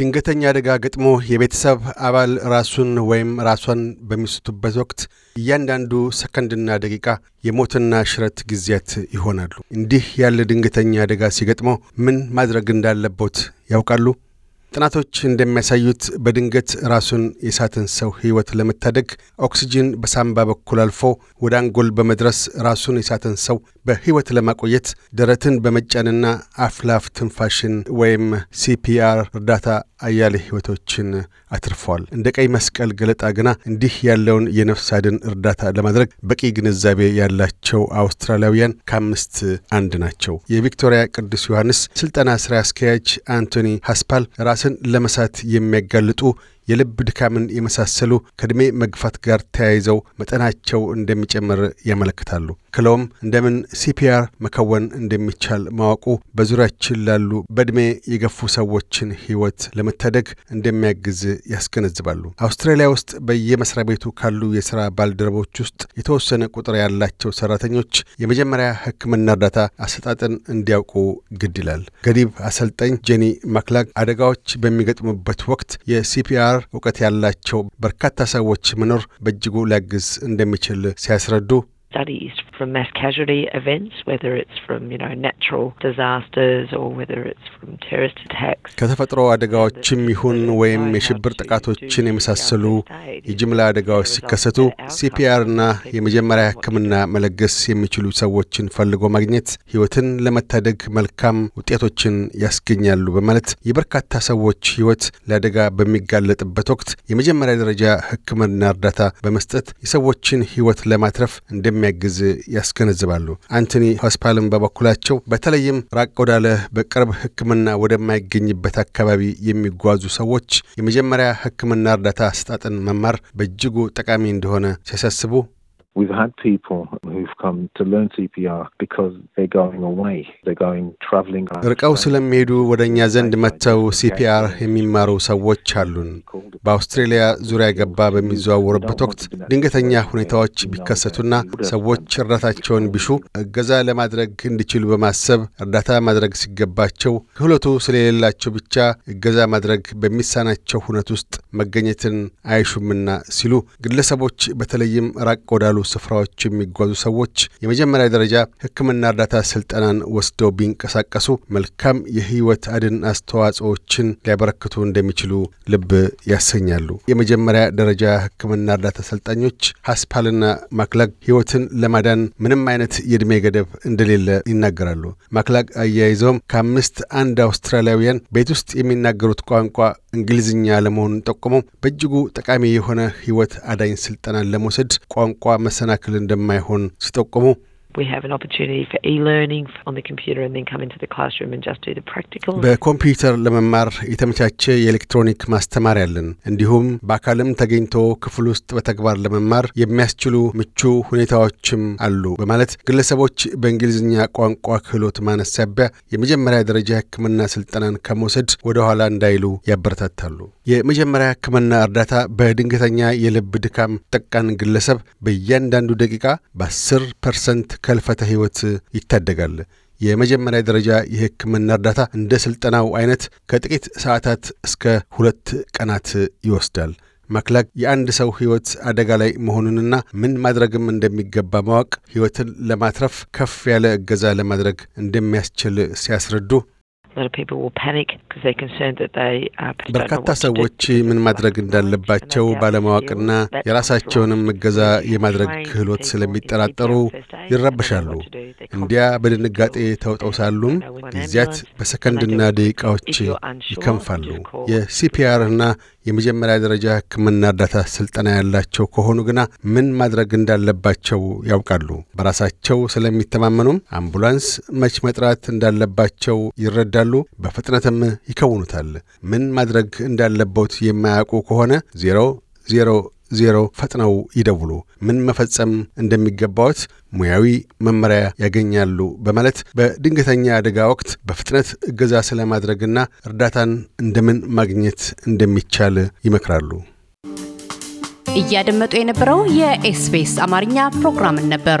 ድንገተኛ አደጋ ገጥሞ የቤተሰብ አባል ራሱን ወይም ራሷን በሚስቱበት ወቅት እያንዳንዱ ሰከንድና ደቂቃ የሞትና ሽረት ጊዜያት ይሆናሉ። እንዲህ ያለ ድንገተኛ አደጋ ሲገጥሞ ምን ማድረግ እንዳለቦት ያውቃሉ? ጥናቶች እንደሚያሳዩት በድንገት ራሱን የሳትን ሰው ሕይወት ለመታደግ ኦክሲጂን በሳምባ በኩል አልፎ ወደ አንጎል በመድረስ ራሱን የሳትን ሰው በሕይወት ለማቆየት ደረትን በመጫንና አፍላፍ ትንፋሽን ወይም ሲፒአር እርዳታ አያሌ ሕይወቶችን አትርፏል። እንደ ቀይ መስቀል ገለጣ ግና እንዲህ ያለውን የነፍስ አድን እርዳታ ለማድረግ በቂ ግንዛቤ ያላቸው አውስትራሊያውያን ከአምስት አንድ ናቸው። የቪክቶሪያ ቅዱስ ዮሐንስ ስልጠና ስራ አስኪያጅ አንቶኒ ሃስፓል ራስ ሕፃናትን ለመሳት የሚያጋልጡ የልብ ድካምን የመሳሰሉ ከዕድሜ መግፋት ጋር ተያይዘው መጠናቸው እንደሚጨምር ያመለክታሉ። ክለውም እንደምን ሲፒአር መከወን እንደሚቻል ማወቁ በዙሪያችን ላሉ በዕድሜ የገፉ ሰዎችን ሕይወት ለመታደግ እንደሚያግዝ ያስገነዝባሉ። አውስትራሊያ ውስጥ በየመስሪያ ቤቱ ካሉ የሥራ ባልደረቦች ውስጥ የተወሰነ ቁጥር ያላቸው ሠራተኞች የመጀመሪያ ሕክምና እርዳታ አሰጣጥን እንዲያውቁ ግድ ይላል። ገዲብ አሰልጣኝ ጄኒ ማክላግ አደጋዎች በሚገጥሙበት ወቅት የሲፒአር አሰራር እውቀት ያላቸው በርካታ ሰዎች መኖር በእጅጉ ሊያግዝ እንደሚችል ሲያስረዱ from mass casualty events, whether it's from, you know, natural disasters or whether it's from terrorist attacks. ከተፈጥሮ አደጋዎችም ይሁን ወይም የሽብር ጥቃቶችን የመሳሰሉ የጅምላ አደጋዎች ሲከሰቱ ሲፒአር እና የመጀመሪያ ሕክምና መለገስ የሚችሉ ሰዎችን ፈልጎ ማግኘት ሕይወትን ለመታደግ መልካም ውጤቶችን ያስገኛሉ በማለት የበርካታ ሰዎች ሕይወት ለአደጋ በሚጋለጥበት ወቅት የመጀመሪያ ደረጃ ሕክምና እርዳታ በመስጠት የሰዎችን ሕይወት ለማትረፍ እንደሚያግዝ ያስገነዝባሉ። አንቶኒ ሆስፓልም በበኩላቸው በተለይም ራቅ ወዳለ በቅርብ ሕክምና ወደማይገኝበት አካባቢ የሚጓዙ ሰዎች የመጀመሪያ ሕክምና እርዳታ አሰጣጥን መማር በእጅጉ ጠቃሚ እንደሆነ ሲያሳስቡ We've had people who've come to learn CPR because they're going away. They're going traveling. ርቀው ስለሚሄዱ ወደ እኛ ዘንድ መጥተው ሲፒአር የሚማሩ ሰዎች አሉን። በአውስትሬሊያ ዙሪያ ገባ በሚዘዋወሩበት ወቅት ድንገተኛ ሁኔታዎች ቢከሰቱና ሰዎች እርዳታቸውን ቢሹ እገዛ ለማድረግ እንዲችሉ በማሰብ እርዳታ ማድረግ ሲገባቸው ክህሎቱ ስለሌላቸው ብቻ እገዛ ማድረግ በሚሳናቸው ሁነት ውስጥ መገኘትን አይሹምና ሲሉ ግለሰቦች በተለይም ራቅ ወዳሉ ስፍራዎች የሚጓዙ ሰዎች የመጀመሪያ ደረጃ ሕክምና እርዳታ ስልጠናን ወስደው ቢንቀሳቀሱ መልካም የህይወት አድን አስተዋጽኦችን ሊያበረክቱ እንደሚችሉ ልብ ያሰኛሉ። የመጀመሪያ ደረጃ ሕክምና እርዳታ ሰልጣኞች ሀስፓልና ማክላግ ህይወትን ለማዳን ምንም አይነት የእድሜ ገደብ እንደሌለ ይናገራሉ። ማክላግ አያይዘውም ከአምስት አንድ አውስትራሊያውያን ቤት ውስጥ የሚናገሩት ቋንቋ እንግሊዝኛ ለመሆኑን ጠቁመው በእጅጉ ጠቃሚ የሆነ ህይወት አዳኝ ስልጠናን ለመውሰድ ቋንቋ መሰናክል እንደማይሆን ሲጠቁሙ በኮምፒውተር ለመማር የተመቻቸ የኤሌክትሮኒክ ማስተማሪያ አለን። እንዲሁም በአካልም ተገኝቶ ክፍል ውስጥ በተግባር ለመማር የሚያስችሉ ምቹ ሁኔታዎችም አሉ በማለት ግለሰቦች በእንግሊዝኛ ቋንቋ ክህሎት ማነስ ሳቢያ የመጀመሪያ ደረጃ ህክምና ስልጠናን ከመውሰድ ወደኋላ እንዳይሉ ያበረታታሉ። የመጀመሪያ ሕክምና እርዳታ በድንገተኛ የልብ ድካም ጠቃን ግለሰብ በእያንዳንዱ ደቂቃ በ10 ፐርሰንት ከልፈተ ሕይወት ይታደጋል። የመጀመሪያ ደረጃ የሕክምና እርዳታ እንደ ሥልጠናው አይነት ከጥቂት ሰዓታት እስከ ሁለት ቀናት ይወስዳል። መክላክ የአንድ ሰው ሕይወት አደጋ ላይ መሆኑንና ምን ማድረግም እንደሚገባ ማወቅ ሕይወትን ለማትረፍ ከፍ ያለ እገዛ ለማድረግ እንደሚያስችል ሲያስረዱ Uh, በርካታ ሰዎች ምን ማድረግ እንዳለባቸው ባለማወቅና የራሳቸውንም እገዛ የማድረግ ክህሎት ስለሚጠራጠሩ ይረበሻሉ። እንዲያ በድንጋጤ ተውጠው ሳሉም ጊዜያት በሰከንድና ደቂቃዎች ይከንፋሉ። የሲፒአርና የመጀመሪያ ደረጃ ሕክምና እርዳታ ስልጠና ያላቸው ከሆኑ ግና ምን ማድረግ እንዳለባቸው ያውቃሉ። በራሳቸው ስለሚተማመኑም አምቡላንስ መች መጥራት እንዳለባቸው ይረዳሉ፣ በፍጥነትም ይከውኑታል። ምን ማድረግ እንዳለቦት የማያውቁ ከሆነ ዜሮ ዜሮ ዜሮ ፈጥነው ይደውሉ። ምን መፈጸም እንደሚገባዎት ሙያዊ መመሪያ ያገኛሉ በማለት በድንገተኛ አደጋ ወቅት በፍጥነት እገዛ ስለማድረግና እርዳታን እንደምን ማግኘት እንደሚቻል ይመክራሉ። እያደመጡ የነበረው የኤስቢኤስ አማርኛ ፕሮግራምን ነበር።